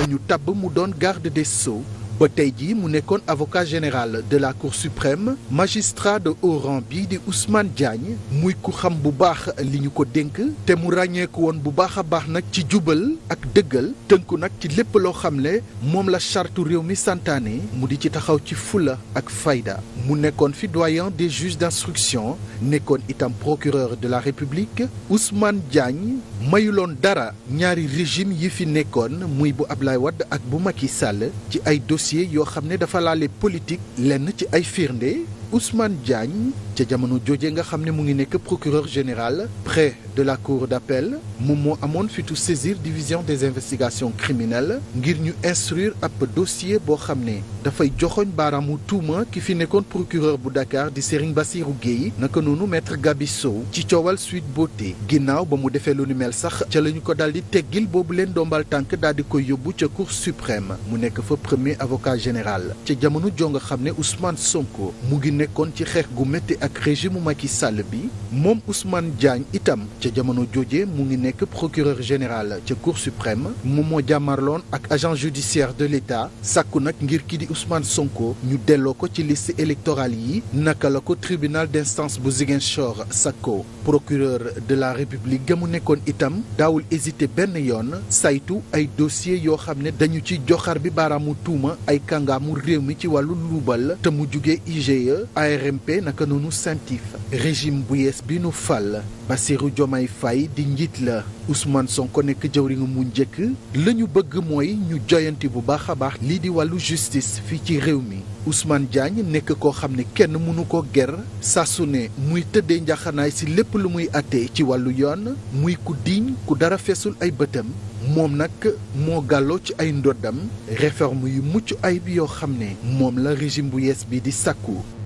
lañu tabb mu doon garde des Sceaux ba tey jii mu nekkoon avocat général de la cour suprême magistrat de haut rang bi di Ousmane Diagne muy ku xam bu baax li ñu ko dénk te mu ràññeeku woon bu baax a baax nag ci jubal ak dëggal tënku nag ci lépp loo xam ne moom la charte réew mi santaane mu di ci taxaw ci fula ak fayda mu nekkoon fi doyen des juges d'instruction nekkoon itam procureur de la république Ousmane Diagne mayuloon dara ñaari régime yi fi nekkoon muy bu Ablaye wadd ak bu Macky Sall ci ay dossiers dossier yoo xam ne dafa laale politique lenn ci ay firnde Ousmane Diagne ca jamono joojee nga xam ne mu ngi nekk procureur général près de la cour d'appel moom moo amoon fitu saisir division des investigations criminelles ngir ñu instruire ab dossier boo xam ne dafay joxoñ baaraamu tuuma ki fi nekkoon procureur bu Dakar di Serigne Bassirou Guèye naka noonu maître Gabi Sow ci coowal Sweet Beauté ginnaaw ba mu defee lu ni mel sax ca la ñu ko daal di teggil boobu leen dombal tànk daal di koy yóbbu ca cour suprême mu nekk fa premier avocat général ca jamono jo xam ne Ousmane Sonko mu ngi nekkoon ci xeex gu métti ak régime Macky Sall bi moom Ousmane Diagne itam ca jamono jooje mu ngi nekk procureur général ca cour suprême moom moo jàmmarloon ak agent judiciaire de l'État sàkku nag ngir ki di Ousmane Sonko ñu delloo ko ci liste électorale yi naka la ko tribunal d'instance bu Ziguinchor sakko procureur de la république ga mu nekkoon itam daawul hésité benn yoon saytu ay dossier yoo xam ne dañu ci joxar bi baaraamu tuuma ay kàngaamu réew mi ci wàllu luubal te mu jugee IGE ARMP naka noonu CENTIF régime bu yees bi nu fal Bassirou Diomaye Faye di njiit la Ousmane Sonko nekk jëwriñu mu njëkk la ñu bëgg mooy ñu joyanti bu baax a baax lii di wàllu justice fii ci réew mi Ousmane Diagne nekk koo xam ne kenn mënu ko ger saa su ne muy tëddee njaxanaay si lépp lu muy àttee ci wàllu yoon muy ku diiñ ku dara feesul ay bëtam moom nag moo gàlloo ci ay ndoddam réforme yu mucc ayib yoo xam ne moom la régime bu yees bi di sàkku